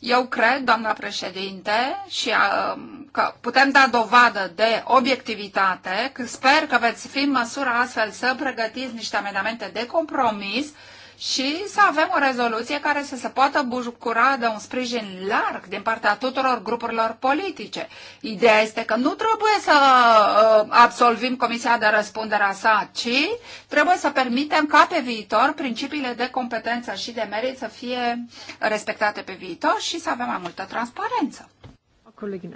Eu cred, doamna președinte, și uh, că putem da dovadă de obiectivitate, că sper că veți fi în măsură astfel să pregătiți niște amendamente de compromis și să avem o rezoluție care să se poată bucura de un sprijin larg din partea tuturor grupurilor politice. Ideea este că nu trebuie să uh, absolvim Comisia de a sa, ci trebuie să permitem ca pe viitor principiile de competență și de merit să fie respectate pe viitor și să avem mai multă transparență. Colegin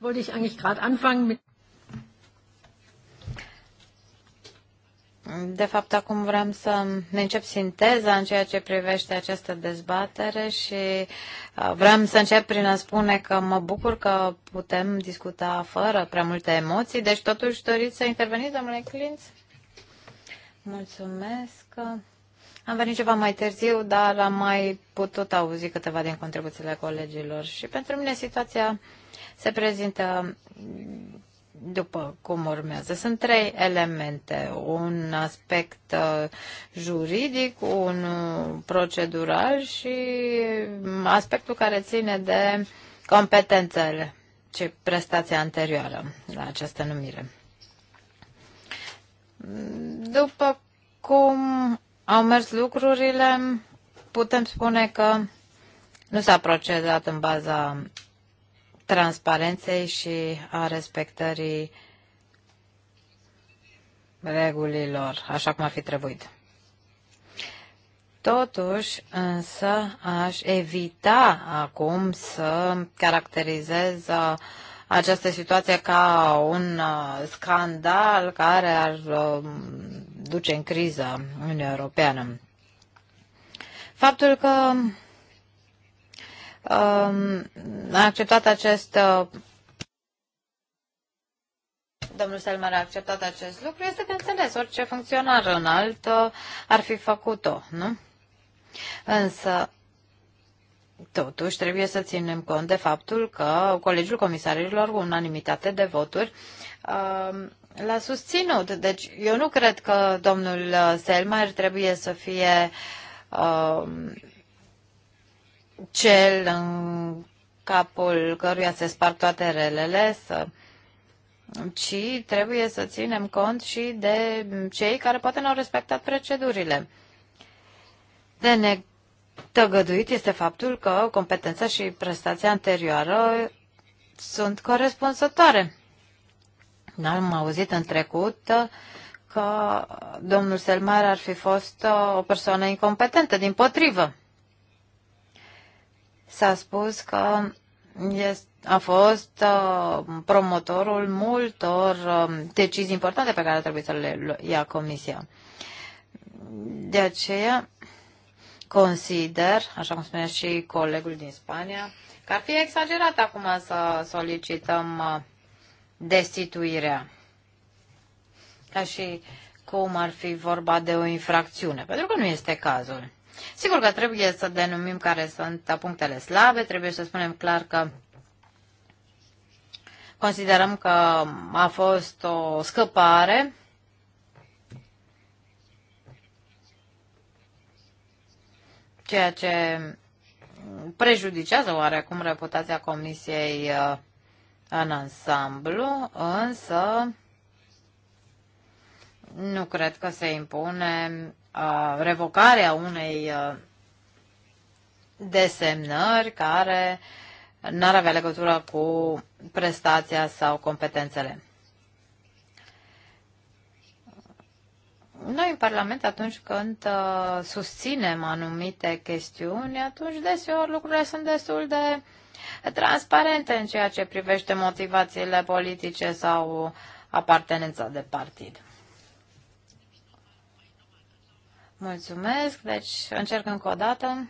Wollte ich eigentlich gerade anfangen mit De fapt, acum vrem să ne încep sinteza în ceea ce privește această dezbatere și uh, vrem să încep prin a spune că mă bucur că putem discuta fără prea multe emoții. Deci, totuși, doriți să interveniți, domnule Clinț? Mulțumesc. Am venit ceva mai târziu, dar am mai putut auzi câteva din contribuțiile colegilor și pentru mine situația se prezintă după cum urmează. Sunt trei elemente. Un aspect uh, juridic, un uh, procedural și aspectul care ține de competențele ce prestația anterioară la această numire. După cum au mers lucrurile, putem spune că nu s-a procedat în baza transparenței și a respectării regulilor, așa cum ar fi trebuit. Totuși, însă, aș evita acum să caracterizez uh, această situație ca un uh, scandal care ar uh, duce în criză Uniunea Europeană. Faptul că Um, a acceptat acest uh, domnul Selmer a acceptat acest lucru, este de înțeles. Orice funcționar înalt uh, ar fi făcut-o, nu? Însă, totuși, trebuie să ținem cont de faptul că Colegiul Comisarilor, cu unanimitate de voturi, um, l-a susținut. Deci, eu nu cred că domnul Selmer trebuie să fie um, cel în capul căruia se sparg toate relele, să, ci trebuie să ținem cont și de cei care poate n-au respectat procedurile. De netăgăduit este faptul că competența și prestația anterioară sunt corespunzătoare. N-am auzit în trecut că domnul Selmar ar fi fost o persoană incompetentă, din potrivă s-a spus că este, a fost uh, promotorul multor uh, decizii importante pe care trebuie să le ia Comisia. De aceea consider, așa cum spunea și colegul din Spania, că ar fi exagerat acum să solicităm uh, destituirea. Ca și cum ar fi vorba de o infracțiune, pentru că nu este cazul. Sigur că trebuie să denumim care sunt punctele slabe, trebuie să spunem clar că considerăm că a fost o scăpare ceea ce prejudicează oarecum reputația Comisiei uh, în ansamblu, însă nu cred că se impune revocarea unei desemnări care n-ar avea legătură cu prestația sau competențele. Noi în Parlament, atunci când susținem anumite chestiuni, atunci deseori lucrurile sunt destul de transparente în ceea ce privește motivațiile politice sau apartenența de partid. Mulțumesc. Deci încerc încă o dată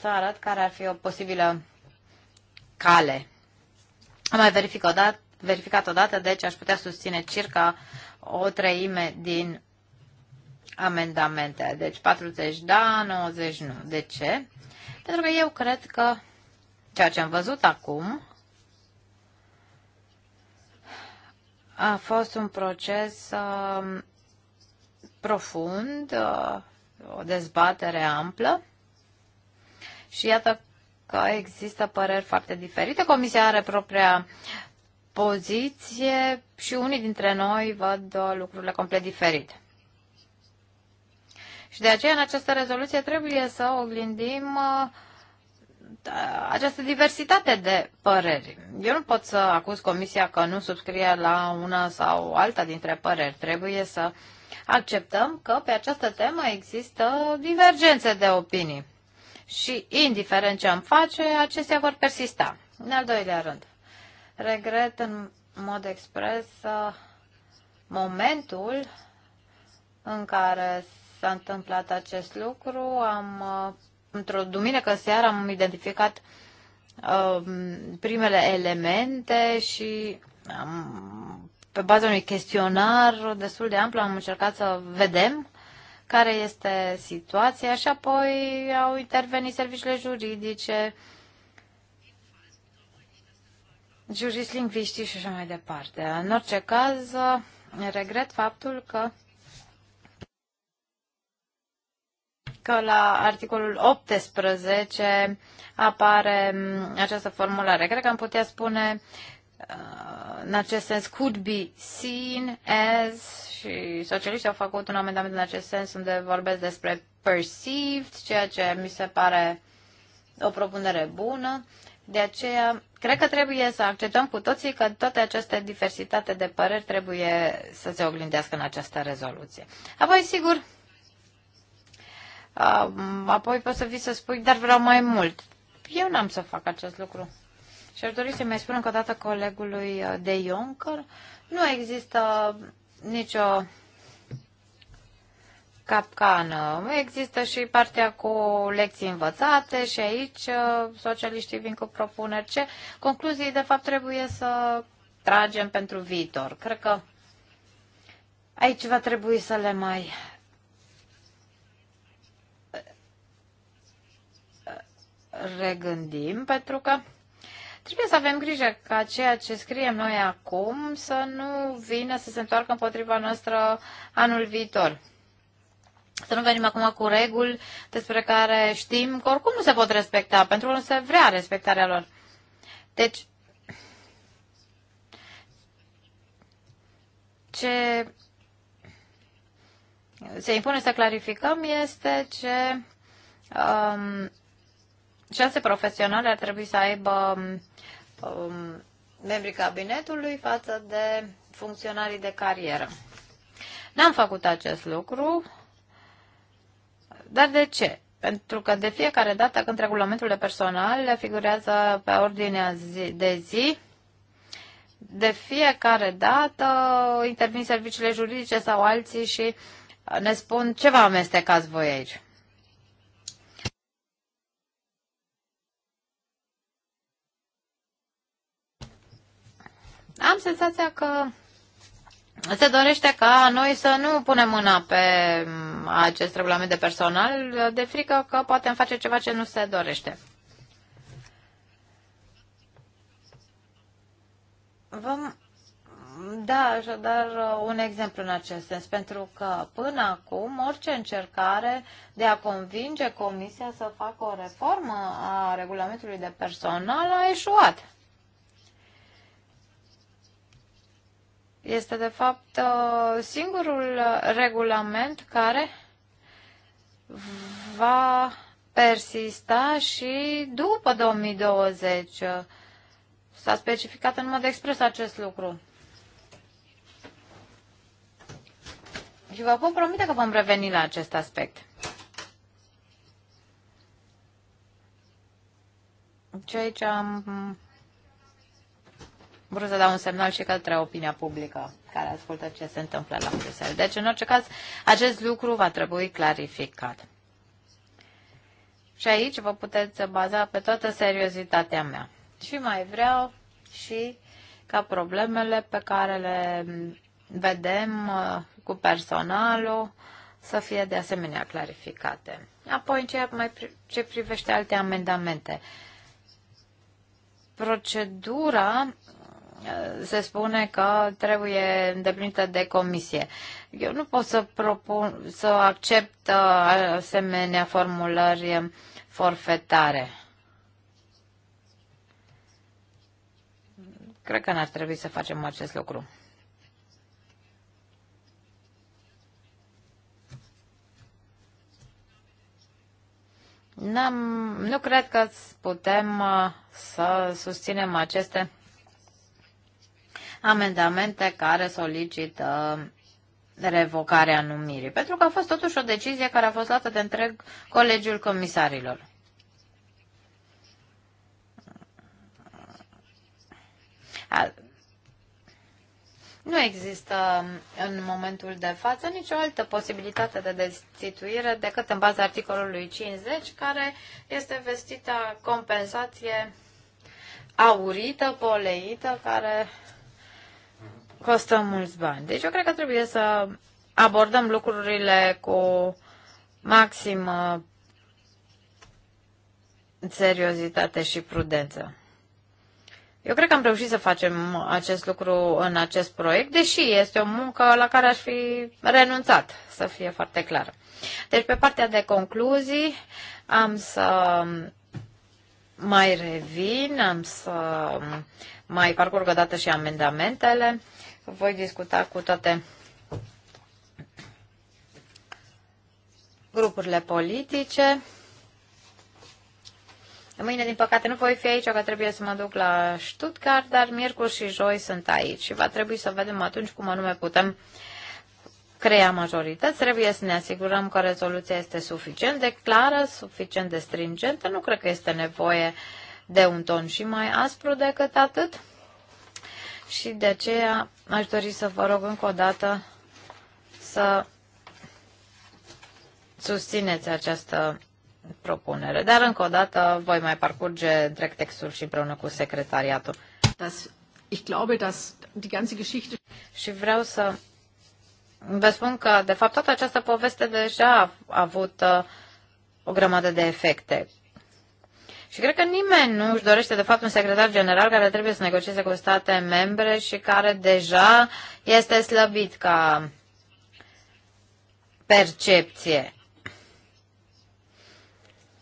să arăt care ar fi o posibilă cale. Am mai verificat o dată, verificat o dată, deci aș putea susține circa o treime din amendamente. Deci 40 da, 90 nu. De ce? Pentru că eu cred că ceea ce am văzut acum a fost un proces uh, profund, uh, o dezbatere amplă și iată că există păreri foarte diferite. Comisia are propria poziție și unii dintre noi văd uh, lucrurile complet diferite. Și de aceea, în această rezoluție, trebuie să oglindim uh, această diversitate de păreri. Eu nu pot să acuz Comisia că nu subscrie la una sau alta dintre păreri. Trebuie să acceptăm că pe această temă există divergențe de opinii. Și indiferent ce am face, acestea vor persista. În al doilea rând, regret în mod expres uh, momentul în care s-a întâmplat acest lucru. Am, uh, într-o duminică seară am identificat uh, primele elemente și am pe baza unui chestionar destul de amplu am încercat să vedem care este situația și apoi au intervenit serviciile juridice, lingviști și așa mai departe. În orice caz, regret faptul că că la articolul 18 apare această formulare. Cred că am putea spune Uh, în acest sens could be seen as și socialiștii au făcut un amendament în acest sens unde vorbesc despre perceived, ceea ce mi se pare o propunere bună. De aceea, cred că trebuie să acceptăm cu toții că toate aceste diversitate de păreri trebuie să se oglindească în această rezoluție. Apoi, sigur, uh, apoi poți să vii să spui, dar vreau mai mult. Eu n-am să fac acest lucru. Și aș dori să mai spun încă o dată colegului uh, de Ioncăr, nu există nicio capcană. Există și partea cu lecții învățate și aici uh, socialiștii vin cu propuneri. Ce concluzii, de fapt, trebuie să tragem pentru viitor? Cred că aici va trebui să le mai uh, regândim, pentru că Trebuie să avem grijă ca ceea ce scriem noi acum să nu vină să se întoarcă împotriva noastră anul viitor. Să nu venim acum cu reguli despre care știm că oricum nu se pot respecta, pentru că nu se vrea respectarea lor. Deci, ce se impune să clarificăm este ce um, șanse profesionale ar trebui să aibă um, membrii cabinetului față de funcționarii de carieră. N-am făcut acest lucru, dar de ce? Pentru că de fiecare dată când regulamentul de personal figurează pe ordinea zi, de zi, de fiecare dată intervin serviciile juridice sau alții și ne spun ce vă amestecați voi aici. Am senzația că se dorește ca noi să nu punem mâna pe acest regulament de personal de frică că poate face ceva ce nu se dorește. Vom da așadar un exemplu în acest sens, pentru că până acum orice încercare de a convinge Comisia să facă o reformă a regulamentului de personal a eșuat. Este, de fapt, uh, singurul regulament care va persista și după 2020. S-a specificat în mod expres acest lucru. Și vă pot promite că vom reveni la acest aspect. Și aici am vreau să dau un semnal și către opinia publică care ascultă ce se întâmplă la Bruxelles. Deci, în orice caz, acest lucru va trebui clarificat. Și aici vă puteți baza pe toată seriozitatea mea. Și mai vreau și ca problemele pe care le vedem uh, cu personalul să fie de asemenea clarificate. Apoi, în ceea mai pri ce privește alte amendamente, procedura se spune că trebuie îndeplinită de comisie. Eu nu pot să, propun, să accept uh, asemenea formulări forfetare. Cred că n-ar trebui să facem acest lucru. N-am, nu cred că putem uh, să susținem aceste amendamente care solicită revocarea numirii, pentru că a fost totuși o decizie care a fost luată de întreg Colegiul Comisarilor. Nu există în momentul de față nicio altă posibilitate de destituire decât în baza articolului 50, care este vestita compensație aurită, poleită, care costă mulți bani. Deci eu cred că trebuie să abordăm lucrurile cu maximă seriozitate și prudență. Eu cred că am reușit să facem acest lucru în acest proiect, deși este o muncă la care aș fi renunțat, să fie foarte clar. Deci, pe partea de concluzii, am să mai revin, am să mai parcurg o dată și amendamentele voi discuta cu toate grupurile politice. Mâine, din păcate, nu voi fi aici, că trebuie să mă duc la Stuttgart, dar miercuri și joi sunt aici și va trebui să vedem atunci cum anume putem crea majorități. Trebuie să ne asigurăm că rezoluția este suficient de clară, suficient de stringentă. Nu cred că este nevoie de un ton și mai aspru decât atât. Și de aceea aș dori să vă rog încă o dată să susțineți această propunere. Dar încă o dată voi mai parcurge direct textul și împreună cu secretariatul. Das, ich glaube, dass die ganze Geschichte... Și vreau să vă spun că, de fapt, toată această poveste deja a avut uh, o grămadă de efecte. Și cred că nimeni nu își dorește, de fapt, un secretar general care trebuie să negocieze cu state membre și care deja este slăbit ca percepție.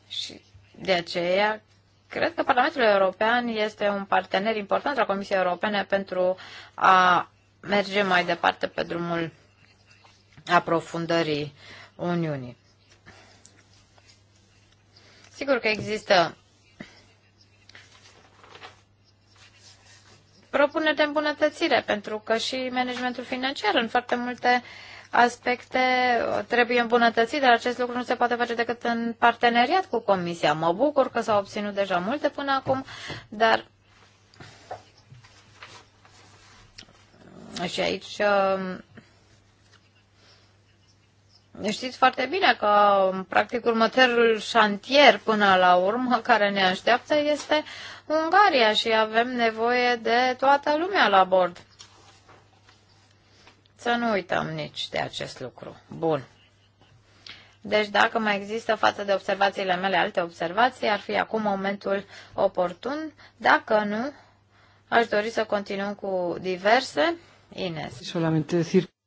Și de aceea, cred că Parlamentul European este un partener important la Comisia Europene pentru a merge mai departe pe drumul aprofundării Uniunii. Sigur că există propuneri de îmbunătățire, pentru că și managementul financiar în foarte multe aspecte trebuie îmbunătățit, dar acest lucru nu se poate face decât în parteneriat cu Comisia. Mă bucur că s-au obținut deja multe până acum, dar și aici um, Știți foarte bine că, practic, următorul șantier până la urmă care ne așteaptă este Ungaria și avem nevoie de toată lumea la bord. Să nu uităm nici de acest lucru. Bun. Deci dacă mai există față de observațiile mele alte observații, ar fi acum momentul oportun. Dacă nu, aș dori să continuăm cu diverse. Ines. Solamente decir